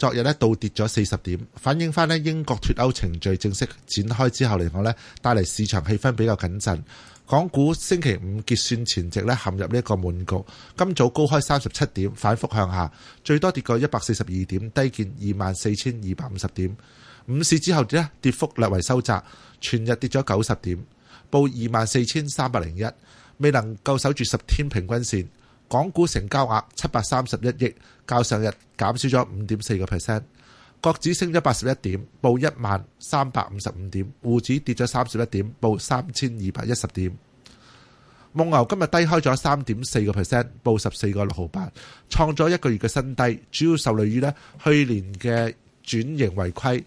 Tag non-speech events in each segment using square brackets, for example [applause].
昨日咧倒跌咗四十點，反映翻咧英國脫歐程序正式展開之後嚟講咧，帶嚟市場氣氛比較謹慎。港股星期五結算前夕咧陷入呢一個悶局，今早高開三十七點，反覆向下，最多跌過一百四十二點，低見二萬四千二百五十點。午市之後跌，跌幅略為收窄，全日跌咗九十點，報二萬四千三百零一，未能夠守住十天平均線。港股成交額七百三十一億，較上日減少咗五點四個 percent。國指升咗八十一點，報一萬三百五十五點；滬指跌咗三十一點，報三千二百一十點。蒙牛今日低開咗三點四個 percent，報十四個六毫八，創咗一個月嘅新低。主要受累於咧去年嘅轉型違規。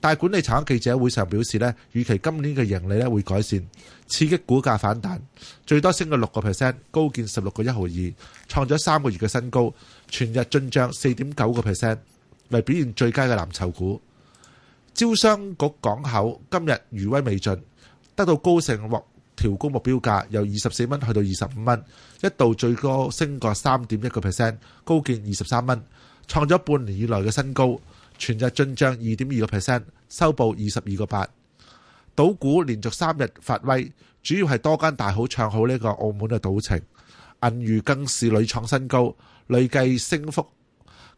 大管理層記者會上表示呢，預期今年嘅盈利咧，會改善，刺激股價反彈，最多升過六個 percent，高見十六個一毫二，創咗三個月嘅新高，全日進賬四點九個 percent，為表現最佳嘅藍籌股。招商局港口今日餘威未盡，得到高盛獲調高目標價，由二十四蚊去到二十五蚊，一度最高升過三點一個 percent，高見二十三蚊，創咗半年以來嘅新高。全日進賬二點二個 percent，收報二十二個八。賭股連續三日發威，主要係多間大好唱好呢個澳門嘅賭情。銀娛更是屢創新高，累計升幅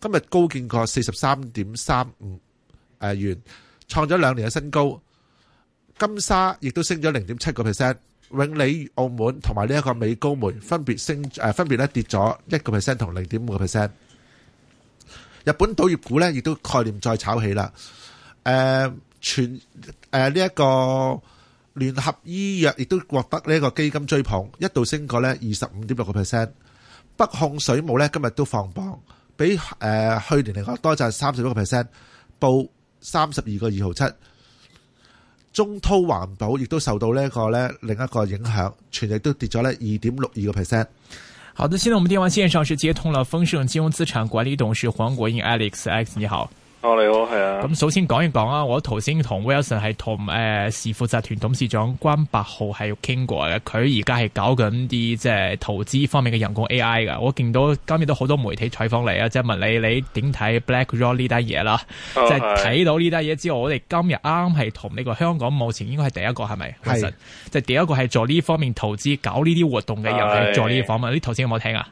今日高見過四十三點三五誒元，創咗兩年嘅新高。金沙亦都升咗零點七個 percent。永利澳門同埋呢一個美高梅分別升誒分別咧跌咗一個 percent 同零點五個 percent。日本賭業股咧，亦都概念再炒起啦。誒、呃，全誒呢一個聯合醫藥亦都獲得呢一個基金追捧，一度升過呢二十五點六個 percent。北控水務咧，今日都放榜，比誒、呃、去年嚟講多賺三十一個 percent，報三十二個二毫七。中滔環保亦都受到呢一個咧另一個影響，全日都跌咗咧二點六二個 percent。好的，現在我們電話線上是接通了豐盛金融資產管理董事黃國英 Alex，Alex 你好。我、哦、你好，係啊。咁首先講一講啊，我頭先同 Wilson、well、係同誒，是、呃、時富集團董事長關百豪係傾過嘅。佢而家係搞緊啲即係投資方面嘅人工 AI 噶。我見到今日都好多媒體採訪你啊，即係問你你點睇 BlackRock 呢單嘢啦，即係睇到呢單嘢之後，我哋今日啱啱係同呢個香港目前應該係第一個係咪？係，即係是第一個係做呢方面投資搞呢啲活動嘅人去做呢啲訪問。是你頭先有冇聽啊？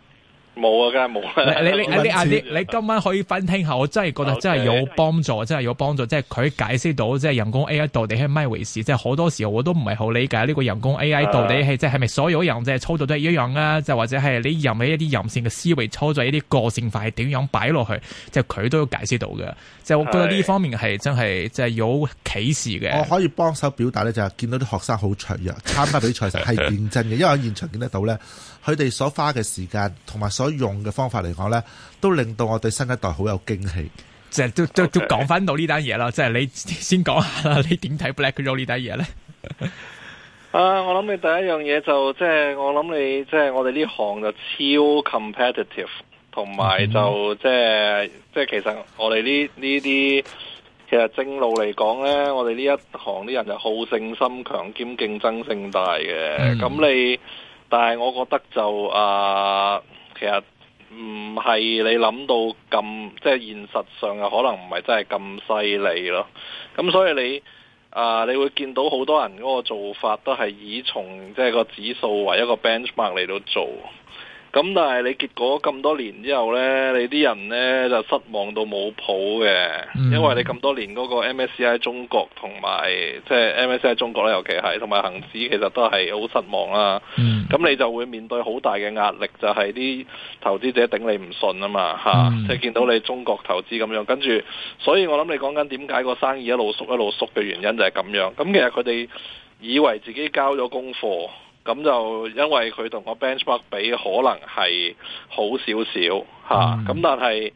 冇啊，梗係冇啦。你你你阿你，你今晚可以分聽下，我真係覺得真係有幫助，真係有幫助。即係佢解釋到，即係人工 AI 到底係咪回事？即係好多時候我都唔係好理解呢個人工 AI 到底係即係咪所有人即係操作都係一樣啊？就是、或者係你任起一啲任性嘅思維操作一啲個性化，係點樣擺落去？即係佢都要解釋到嘅。即、就、係、是、我覺得呢方面係真係即係有歧視嘅。是我可以幫手表達咧，就係見到啲學生好脆弱，參 [laughs] 加比賽係認真嘅， [laughs] 因為我現場見得到咧。佢哋所花嘅時間同埋所用嘅方法嚟講咧，都令到我對新一代好有驚喜。即係都都都講返到呢單嘢啦，即係 Okay. 你先講下啦，你點睇 Black Road 呢單嘢咧？啊，我諗你第一樣嘢就即係、就是、我諗你即係、就是、我哋呢行就超 competitive，同埋就，mm hmm. 就即係即係其實我哋呢呢啲其實正路嚟講咧，我哋呢一行啲人就好勝心強兼競爭性大嘅。咁、mm hmm. 你。但係我覺得就啊、呃，其實唔係你諗到咁，即係現實上嘅可能唔係真係咁犀利咯。咁所以你啊、呃，你會見到好多人嗰個做法都係以從即係個指數為一個 benchmark 嚟到做。咁但係你結果咁多年之後呢，你啲人呢就失望到冇譜嘅，因為你咁多年嗰個 MSCI 中國同埋即係 MSCI 中國咧，尤其係同埋恒指其實都係好失望啦。咁、嗯、你就會面對好大嘅壓力，就係、是、啲投資者頂你唔順啊嘛，吓、啊，即係、嗯、見到你中國投資咁樣，跟住，所以我諗你講緊點解個生意一路縮一路縮嘅原因就係咁樣。咁其實佢哋以為自己交咗功課。咁就因為佢同個 benchmark 比可能係好少少吓，咁但係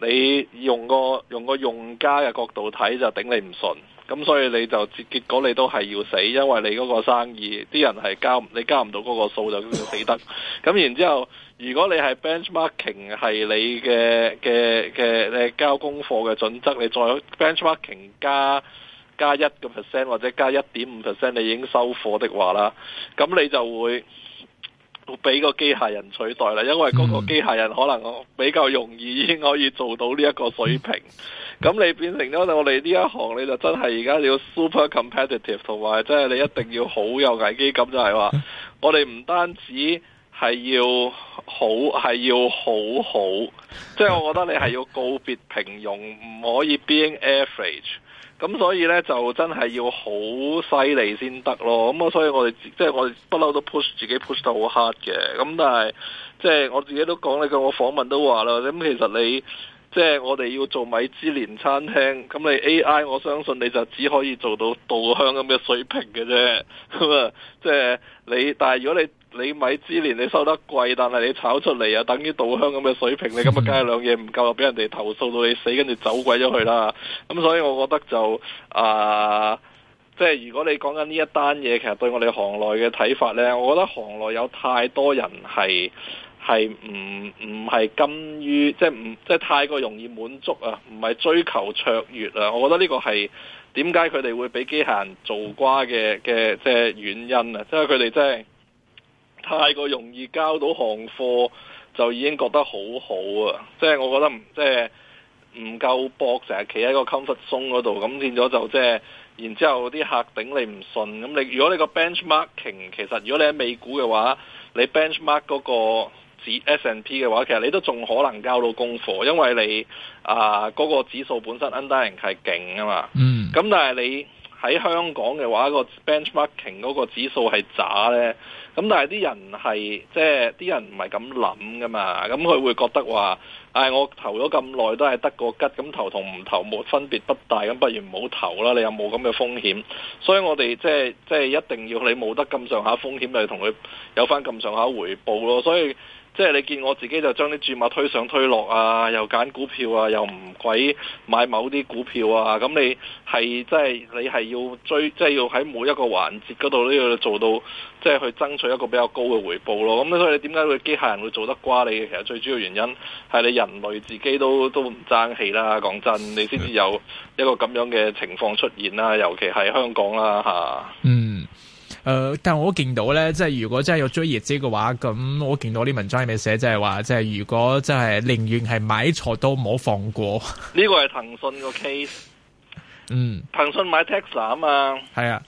你用個用個用家嘅角度睇就頂你唔順，咁所以你就結果你都係要死，因為你嗰個生意啲人係交你交唔到嗰個數就死得，咁然之後如果你係 benchmarking 係你嘅嘅嘅你交功課嘅準則，你再 benchmarking 加。1 加一嘅 percent 或者加一點五 percent，你已經收貨的話啦，咁你就會會俾個機械人取代啦，因為嗰個機械人可能比較容易已經可以做到呢一個水平。咁你變成咗我哋呢一行，你就真係而家你要 super competitive，同埋即係你一定要好有危機感，就係話我哋唔單止係要好，係要好好，即係我覺得你係要告別平庸，唔可以 being average。咁所以呢，就真係要好犀利先得咯，咁、嗯、啊所以我哋即係我哋不嬲都 push 自己 push 得好 hard 嘅，咁但係即係我自己都講句，我訪問都話啦，咁其實你即係我哋要做米芝蓮餐廳，咁你 AI 我相信你就只可以做到稻香咁嘅水平嘅啫。咁 [laughs] 啊即係你，但係如果你你米芝蓮你收得貴，但係你炒出嚟啊，等於稻香咁嘅水平，你咁啊，梗係兩嘢唔夠啊，俾人哋投訴到你死，跟住走鬼咗去啦。咁、嗯、所以，我覺得就啊，即、呃、係、就是、如果你講緊呢一單嘢，其實對我哋行內嘅睇法呢，我覺得行內有太多人係係唔唔係甘於即係唔即係太過容易滿足啊，唔係追求卓越啊。我覺得呢個係點解佢哋會俾機械人做瓜嘅嘅即係原因啊，即係佢哋真係。太過容易交到行貨，就已經覺得好好啊！即係我覺得唔即係唔夠搏，成日企喺個 comfort zone 嗰度，咁變咗就即係，然之後啲客頂你唔順。咁你如果你個 benchmarking 其實如果你喺美股嘅話，你 benchmark 嗰個指 S&P 嘅話，其實你都仲可能交到功課，因為你啊嗰、呃嗰個指數本身 undering 係勁啊嘛。嗯。咁但係你。喺香港嘅話，個 benchmarking 嗰個指數係渣呢。咁但係啲人係即係啲人唔係咁諗噶嘛，咁佢會覺得話，唉、哎，我投咗咁耐都係得個吉，咁投同唔投冇分別不大，咁不如唔好投啦，你又冇咁嘅風險，所以我哋即係即係一定要你冇得咁上下風險，就同、是、佢有翻咁上下回報咯，所以。即係你見我自己就將啲注碼推上推落啊，又揀股票啊，又唔鬼買某啲股票啊，咁你係即係你係要追，即係要喺每一個環節嗰度都要做到，即係去爭取一個比較高嘅回報咯。咁所以點解個機械人會做得瓜？你其實最主要原因係你人類自己都都唔爭氣啦。講真，你先至有一個咁樣嘅情況出現啦，尤其係香港啦吓。嗯。誒、呃，但我見到呢，即係如果真係有追熱者嘅話，咁我見到啲文章有冇寫，即係話，即係如果真係寧願係買錯都唔好放過。呢個係騰訊個 case。嗯，騰訊買 Tesla 啊嘛，係啊。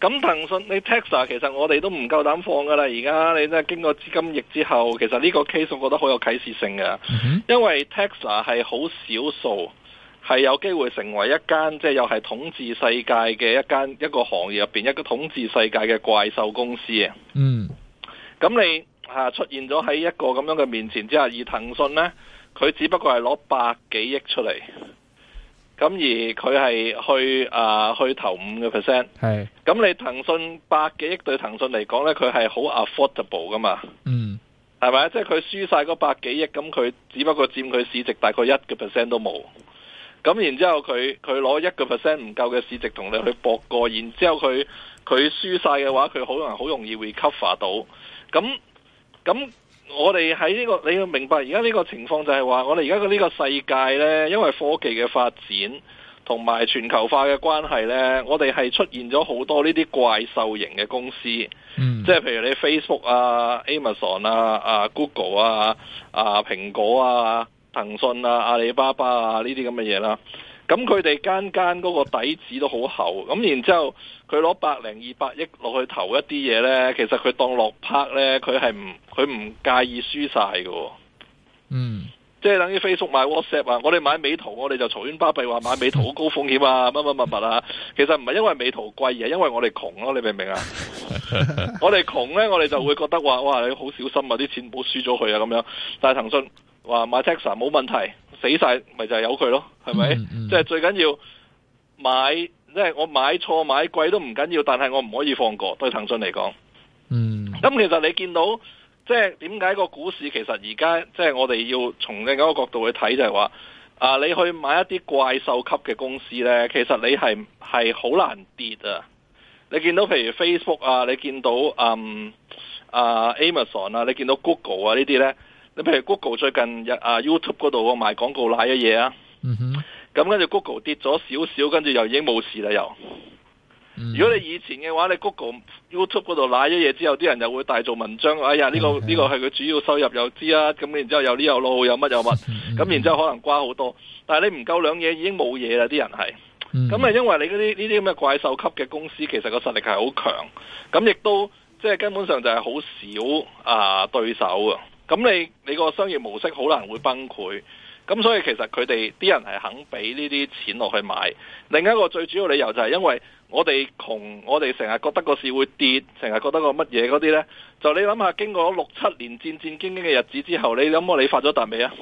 咁騰訊你 Tesla 其實我哋都唔夠膽放㗎喇，而家你真係經過資金熱之後，其實呢個 case 我覺得好有啟示性嘅，嗯、哼因為 Tesla 係好少數。係有機會成為一間即係又係統治世界嘅一間一個行業入邊一個統治世界嘅怪獸公司、嗯、啊！嗯，咁你吓出現咗喺一個咁樣嘅面前之下，而騰訊呢，佢只不過係攞百幾億出嚟，咁而佢係去誒、啊、去投五個 percent 係。咁是你騰訊百幾億對騰訊嚟講呢，佢係好 affordable 噶嘛？嗯，係咪即係佢輸晒嗰百幾億，咁佢只不過佔佢市值大概一個 percent 都冇。咁然之後，佢佢攞一個 percent 唔夠嘅市值同你去搏過，然之後佢佢輸晒嘅話，佢好容好容易會 cover 到。咁咁我哋喺呢個你要明白，而家呢個情況就係話我哋而家嘅呢個世界咧，因為科技嘅發展同埋全球化嘅關係咧，我哋係出現咗好多呢啲怪獸型嘅公司，嗯、即係譬如你 Facebook 啊、Amazon 啊、啊 Google 啊、啊蘋果啊。騰訊啊、阿里巴巴啊呢啲咁嘅嘢啦，咁佢哋間間嗰個底子都好厚，咁、嗯、然之後佢攞百零二百億落去投一啲嘢呢，其實佢當落拍呢，佢係唔佢唔介意輸晒嘅。嗯，即係等於 Facebook 買 WhatsApp 啊，我哋買美圖，我哋就嘈冤巴閉話買美圖好高風險啊，乜乜乜乜啊， [laughs] 其實唔係因為美圖貴啊，因為我哋窮咯，你明唔明啊？ [laughs] 我哋窮呢，我哋就會覺得話哇，你好小心啊，啲錢唔好輸咗佢啊咁樣。但係騰訊。話買 Tesla 冇問題，死晒咪就係由佢咯，係咪？嗯嗯、即係最緊要買，即、就、係、是、我買錯買貴都唔緊要，但係我唔可以放過。對騰訊嚟講，嗯，咁其實你見到即係點解個股市其實而家即係我哋要從另一個角度去睇，就係話啊，你去買一啲怪獸級嘅公司咧，其實你係係好難跌啊！你見到譬如 Facebook 啊，你見到嗯啊 Amazon 啊，你見到 Google 啊呢啲咧。你譬如 Google 最近日啊 YouTube 嗰度賣廣告瀨嘅嘢啊，咁、mm hmm. 跟住 Google 跌咗少少，跟住又已經冇事啦。又如果你以前嘅話，你 Google YouTube 嗰度瀨咗嘢之後，啲人又會大做文章。哎呀，呢、呢個呢、呢個係佢主要收入知又知啊。咁然之後有呢又路有乜又乜，咁然之後可能瓜好多。但係你唔夠兩嘢已經冇嘢啦，啲人係咁啊。Mm hmm. 因為你嗰啲呢啲咁嘅怪獸級嘅公司，其實個實力係好強，咁亦都即係根本上就係好少啊對手啊。咁你你個商業模式好難會崩潰，咁所以其實佢哋啲人係肯俾呢啲錢落去買。另一個最主要理由就係因為我哋窮，我哋成日覺得個市會跌，成日覺得個乜嘢嗰啲呢。就你諗下經過咗六七年戰戰兢兢嘅日子之後，你諗下你發咗達未啊？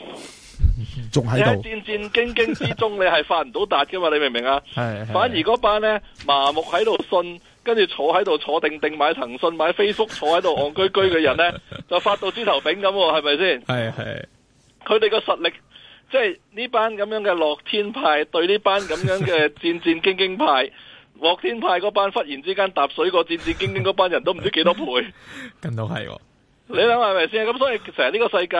仲喺度？戰戰兢兢之中， [laughs] 你係發唔到達噶嘛？你明唔明啊？ [laughs] 反而嗰班呢，麻木喺度信。跟住坐喺度坐定定買騰訊買飛 a 坐喺度戇居居嘅人咧， [laughs] 就發到豬頭炳咁，係咪先？係係，佢哋個實力，即係呢班咁樣嘅樂天派，對呢班咁樣嘅戰戰兢兢派，樂天派嗰班忽然之間踏水過戰戰兢兢嗰班人都唔知幾多倍，咁都係你諗下係咪先？咁所以成日呢個世界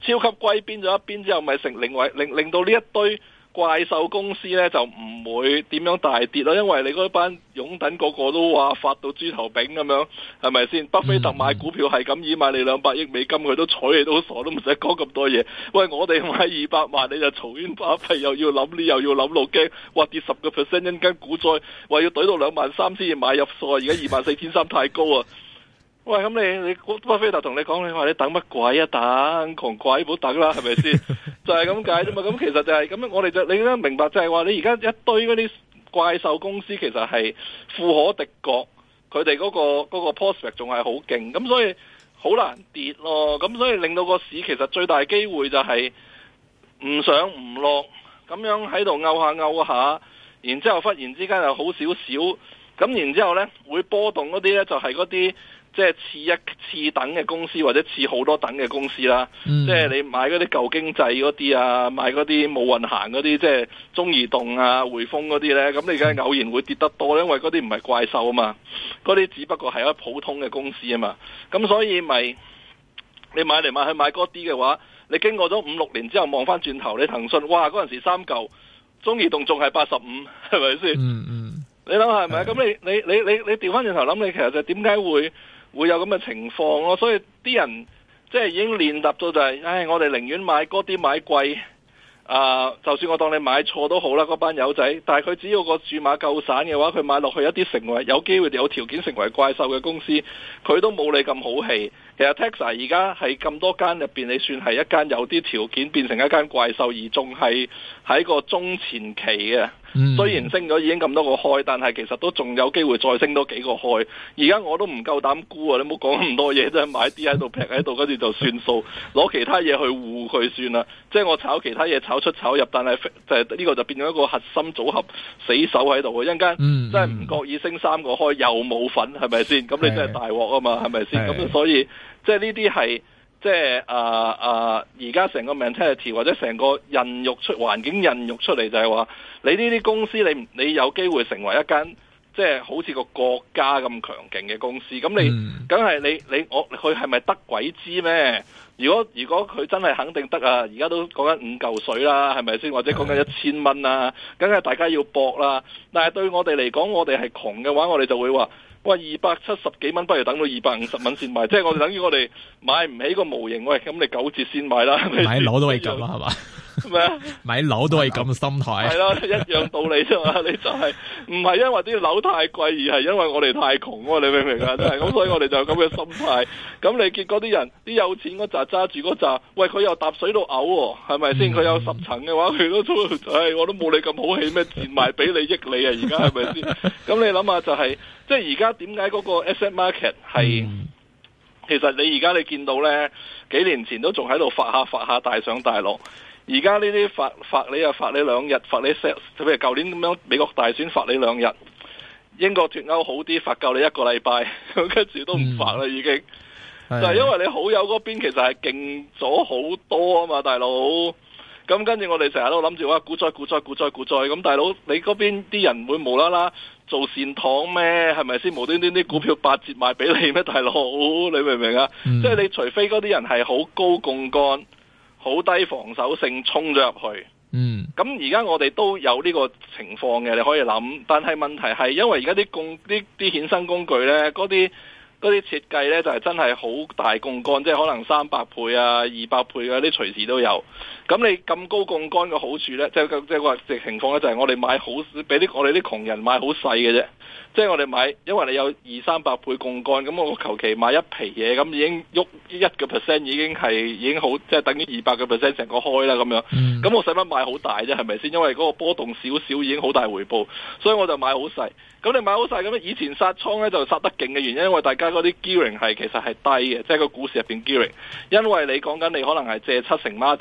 超級歸邊咗一邊之後，咪成另外令令到呢一堆。怪獸公司咧就唔會點樣大跌咯，因為你嗰班擁躉個個都話發到豬頭炳咁樣，係咪先？巴菲特買股票係咁，以買你兩百億美金，佢都睬你都傻，都唔使講咁多嘢。喂，我哋買二百萬，你就嘈冤巴閉，又要諗呢，又要諗路鏡，話跌十個 percent 一間股災，話要隊到兩萬三先至買入，傻！而家二萬四千三太高啊！喂，咁你你巴菲特同你講你話你等乜鬼啊？等窮鬼唔好等啦，係咪先？ [laughs] 就係咁解啫嘛。咁其實就係咁樣，我哋就你咧明白就係話你而家一堆嗰啲怪獸公司其實係富可敵國，佢哋嗰個嗰個 project 仲係好勁，咁所以好難跌咯。咁所以令到個市其實最大機會就係唔上唔落，咁樣喺度拗下拗下，勾著勾著勾著然之後忽然之間又好少少，咁然之後咧會波動嗰啲咧就係嗰啲。即係似一次等嘅公司，或者似好多等嘅公司啦。即係你買嗰啲舊經濟嗰啲啊，買嗰啲冇運行嗰啲，即係中移動啊、匯豐嗰啲咧。咁你而家偶然會跌得多，因為嗰啲唔係怪獸啊嘛，嗰啲只不過係一普通嘅公司啊嘛。咁所以咪你買嚟買去買嗰啲嘅話，你經過咗五六年之後望翻轉頭，你騰訊哇嗰陣時三舊，中移動仲係八十五，係咪先？嗯嗯，你諗下係咪？咁你你你你你調翻轉頭諗，你其實就點解會？會有咁嘅情況咯，所以啲人即係已經練習到就係、是，唉，我哋寧願買嗰啲買貴，啊、呃，就算我當你買錯都好啦，嗰班友仔。但係佢只要個注碼夠散嘅話，佢買落去一啲成為有機會有條件成為怪獸嘅公司，佢都冇你咁好氣。其實 Tesla 而家喺咁多間入邊，你算係一間有啲條件變成一間怪獸而仲係。喺個中前期嘅，雖然升咗已經咁多個開，但係其實都仲有機會再升多幾個開。而家我都唔夠膽估啊！你唔好講咁多嘢，即係，買啲喺度劈喺度，跟住就算數，攞其他嘢去護佢算啦。即係我炒其他嘢炒出炒入，但係就係呢個就變咗一個核心組合死守喺度啊。一陣間真係唔覺意升三個開又冇份，係咪先？咁你真係大鑊啊嘛？係咪先？咁的的所以即係呢啲係。即係啊啊！而家成個 mentality 或者成個孕育出環境孕育出嚟，就係話你呢啲公司，你你有機會成為一間即係、就是、好似個國家咁強勁嘅公司。咁你梗係、嗯、你你我佢係咪得鬼知咩？如果如果佢真係肯定得啊，而家都講緊五嚿水啦，係咪先？或者講緊一千蚊啊，梗係是的 大家要搏啦。但係對我哋嚟講，我哋係窮嘅話，我哋就會話。喂，二百七十幾蚊不如等到二百五十蚊先買，即係我哋等於我哋買唔起個模型，喂，咁你九折先買啦，你買攞都係咁啦，係嘛 [laughs] [laughs] 咩？買樓都係咁嘅心態，係咯， [laughs] 一樣道理啫嘛。你就係唔係因為啲樓太貴，而係因為我哋太窮，你明唔明啊？真係，咁所以我哋就咁嘅心態。咁 [laughs] 你結果啲人，啲有錢嗰紮揸住嗰扎，喂，佢又搭水到嘔，係咪先？佢、嗯、有十層嘅話，佢都出唉、哎，我都冇你咁好氣咩？賤賣俾你益你啊！而家係咪先？咁 [laughs] 你諗下就係、是，即係而家點解嗰個 asset market 係？嗯、其實你而家你見到咧，幾年前都仲喺度發下發下，發下大上大落。而家呢啲法法你又法你兩日，法你 set，a l 譬如舊年咁樣美國大選法你兩日，英國脫歐好啲，法夠你一個禮拜，跟 [laughs] 住都唔法啦已經。的就係因為你好友嗰邊其實係勁咗好多啊嘛，大佬。咁跟住我哋成日都諗住話股災股災股災股災，咁、嗯、大佬你嗰邊啲人唔會無啦啦做善堂咩？係咪先無端端啲股票八折賣俾你咩？大佬，你明唔明啊？嗯、即係你除非嗰啲人係好高槓桿。好低防守性衝咗入去，嗯，咁而家我哋都有呢個情況嘅，你可以諗。但係問題係因為而家啲槓啲啲衍生工具呢，嗰啲啲設計呢，就係真係好大槓桿，即係可能三百倍啊、二百倍啊啲隨時都有。咁你咁高槓桿嘅好處呢，就係即係話情況呢，就係我哋買好，俾啲我哋啲窮人買好細嘅啫。即係我哋買，因為你有二三百倍槓杆，咁我求其買一皮嘢，咁已經喐一個 percent 已經係已經好，即係等於二百個 percent 成個開啦咁樣。咁、嗯、我使乜買好大啫？係咪先？因為嗰個波動少少已經好大回報，所以我就買好細。咁你買好細，咁樣以前殺倉咧就殺得勁嘅原因，因為大家嗰啲 gearing 係其實係低嘅，即係個股市入邊 gearing。因為你講緊你可能係借七成孖展，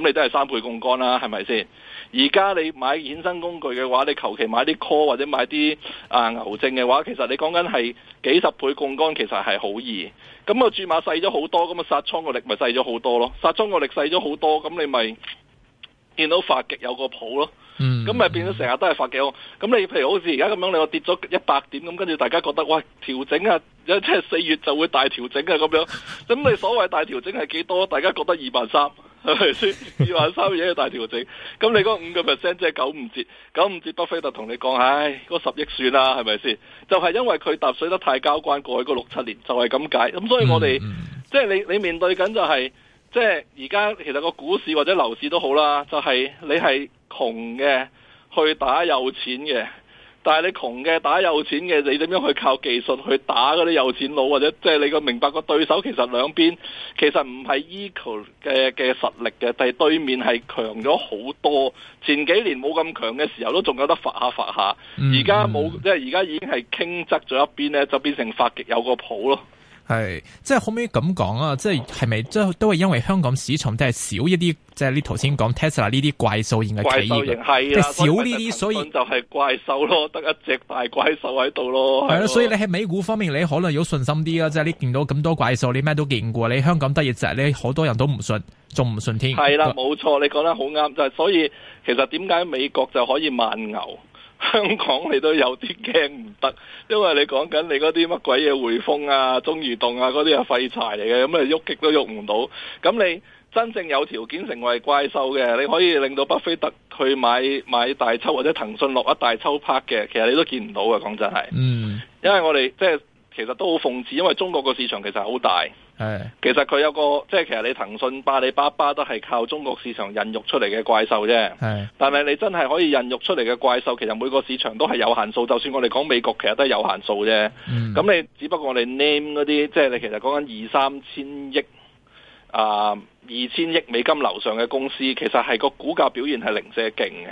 咁你都係三倍槓杆啦，係咪先？而家你買衍生工具嘅話，你求其買啲 call 或者買啲啊牛證嘅話，其實你講緊係幾十倍槓桿，其實係好易。咁個注碼細咗好多，咁啊殺倉個力咪細咗好多咯。殺倉個力細咗好多，咁你咪見到發極有個譜咯。咁咪、嗯、變咗成日都係發極。咁你譬如好似而家咁樣，你話跌咗一百點，咁跟住大家覺得，喂，調整啊，即係四月就會大調整啊咁樣。咁你所謂大調整係幾多？大家覺得二百三。係咪先二萬三嘢嘅大調整？咁你嗰五個 percent 即係九五折，九五折巴菲特同你講，唉，嗰十億算啦，係咪先？就係、是、因為佢踏水得太交關過去嗰六七年就，就係咁解。咁所以我哋、hmm, 即係你你面對緊就係、是，即係而家其實個股市或者樓市都好啦，就係、是、你係窮嘅去打有錢嘅。但係你窮嘅打有錢嘅，你點樣去靠技術去打嗰啲有錢佬或者即係、就是、你個明白個對手其實兩邊其實唔係 eco 嘅嘅實力嘅，但、就、係、是、對面係強咗好多。前幾年冇咁強嘅時候都仲有得發下發下，而家冇，即係而家已經係傾側咗一邊咧，就變成發極有個譜咯。係，即係可唔可以咁講啊？即係係咪即係都係因為香港市場都係少一啲，即、就、係、是、你頭先講 Tesla 呢啲怪獸型嘅企業，即係、啊、少呢啲，所以就係怪獸咯，得一隻大怪獸喺度咯。係啊，啊，所以你喺美股方面，你可能要信心啲啊。即係、嗯、你見到咁多怪獸，你咩都見過，你香港得就只，你好多人都唔信，仲唔信添？係啦、啊，冇錯，你講得好啱。就係所以，其實點解美國就可以萬牛？香港你都有啲驚唔得，因為你講緊你嗰啲乜鬼嘢匯豐啊、中移動啊嗰啲係廢柴嚟嘅，咁啊，喐極都喐唔到。咁你真正有條件成為怪獸嘅，你可以令到巴菲特去買買大抽或者騰訊落一大抽 part 嘅，其實你都見唔到嘅，講真係。嗯，因為我哋即係其實都好諷刺，因為中國個市場其實好大。係，其實佢有個即係，其實你騰訊、阿里巴巴都係靠中國市場孕育出嚟嘅怪獸啫。係，是 但係你真係可以孕育出嚟嘅怪獸，其實每個市場都係有限數。就算我哋講美國，其實都係有限數啫。咁、嗯、你只不過我哋 name 嗰啲，即係你其實講緊二三千億啊，二、呃、千億美金樓上嘅公司，其實係個股價表現係零舍勁嘅，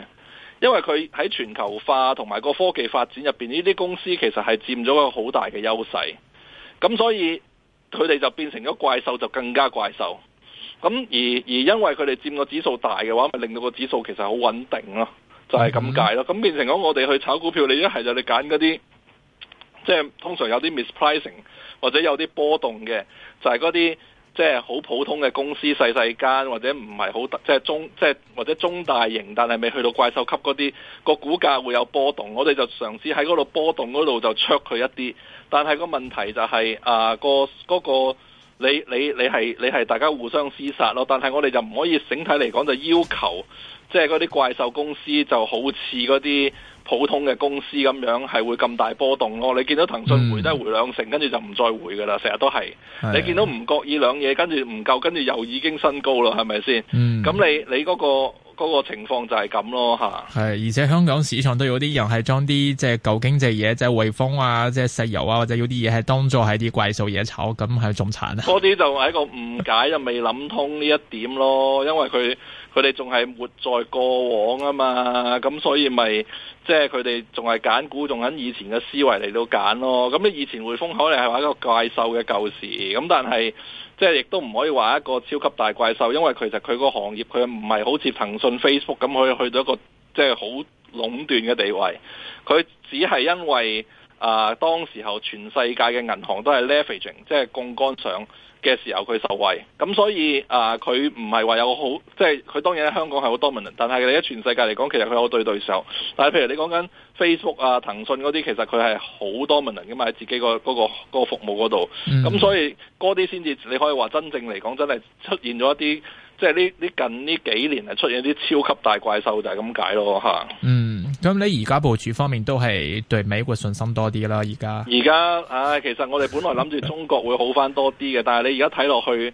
因為佢喺全球化同埋個科技發展入邊，呢啲公司其實係佔咗一個好大嘅優勢。咁所以。佢哋就變成咗怪獸，就更加怪獸。咁而而因為佢哋佔個指數大嘅話，咪令到個指數其實好穩定咯，就係咁解咯。咁變成咗我哋去炒股票，你一係就你揀嗰啲，即係通常有啲 mispricing 或者有啲波動嘅，就係嗰啲。即係好普通嘅公司，細細間或者唔係好即係中即係或者中大型，但係未去到怪獸級嗰啲個股價會有波動，我哋就嘗試喺嗰度波動嗰度就灼佢一啲。但係個問題就係啊個嗰個你你你係你係大家互相廝殺咯。但係我哋就唔可以整體嚟講就要求，即係嗰啲怪獸公司就好似嗰啲。普通嘅公司咁樣係會咁大波動咯，你見到騰訊回低、嗯、回兩成，跟住就唔再回噶啦，成日都係。啊、你見到唔覺意兩嘢，跟住唔夠，跟住又已經新高啦，係咪先？嗯，咁你你嗰、嗰個、嗰個情況就係咁咯，吓。係，而且香港市場都有啲人又係裝啲即係舊經濟嘢，即係匯豐啊，即係石油啊，或者有啲嘢係當做係啲怪獸嘢炒，咁係仲慘啊。嗰啲就係一個誤解，就未諗通呢一點咯，因為佢。佢哋仲係活在過往啊嘛，咁所以咪即係佢哋仲係揀股，仲喺以前嘅思維嚟到揀咯。咁你以前匯豐可能係話一個怪獸嘅舊時，咁但係即係亦都唔可以話一個超級大怪獸，因為其實佢個行業佢唔係好似騰訊、Facebook 咁去去到一個即係好壟斷嘅地位。佢只係因為啊、呃、當時候全世界嘅銀行都係 leveraging，即係槓桿上。嘅時候佢受惠，咁所以啊佢唔係話有好，即係佢當然喺香港係好 dominant，但係你喺全世界嚟講，其實佢有對對手。但係譬如你講緊 Facebook 啊、騰訊嗰啲，其實佢係好 dominant 嘅嘛，喺自己、嗰個嗰個、嗰個服務嗰度。咁、嗯、所以嗰啲先至你可以話真正嚟講，真係出現咗一啲。即係呢呢近呢幾年啊，出現啲超級大怪獸就係咁解咯吓。嗯，咁你而家部署方面都係對美國信心多啲啦，而家。而家，唉、啊，其實我哋本來諗住中國會好翻多啲嘅， [laughs] 但係你而家睇落去。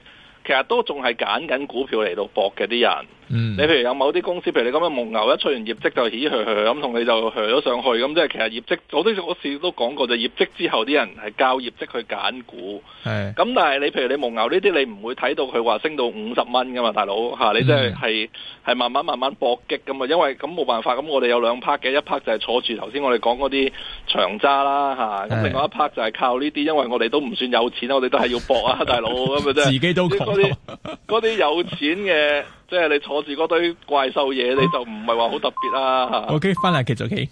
其實都仲係揀緊股票嚟到搏嘅啲人，嗯、你譬如有某啲公司，譬如你咁嘅蒙牛一出完業績就起去咁，同你就去咗上去，咁即係其實業績，我啲我好似都講過，就業績之後啲人係靠業績去揀股，咁是但係你譬如你蒙牛呢啲，你唔會睇到佢話升到五十蚊噶嘛，大佬吓、啊，你即係係係慢慢慢慢搏擊噶嘛，因為咁冇辦法，咁我哋有兩 part 嘅，一 part 就係坐住頭先我哋講嗰啲長揸啦吓，咁另外一 part 就係靠呢啲，因為我哋都唔算有錢我哋都係要搏啊，大佬咁啊，即係 [laughs] [laughs] 自己都嗰啲 [laughs] 有錢嘅， [laughs] 即係你坐住嗰堆怪獸嘢，你就唔係話好特別啦嚇。OK，翻嚟繼續。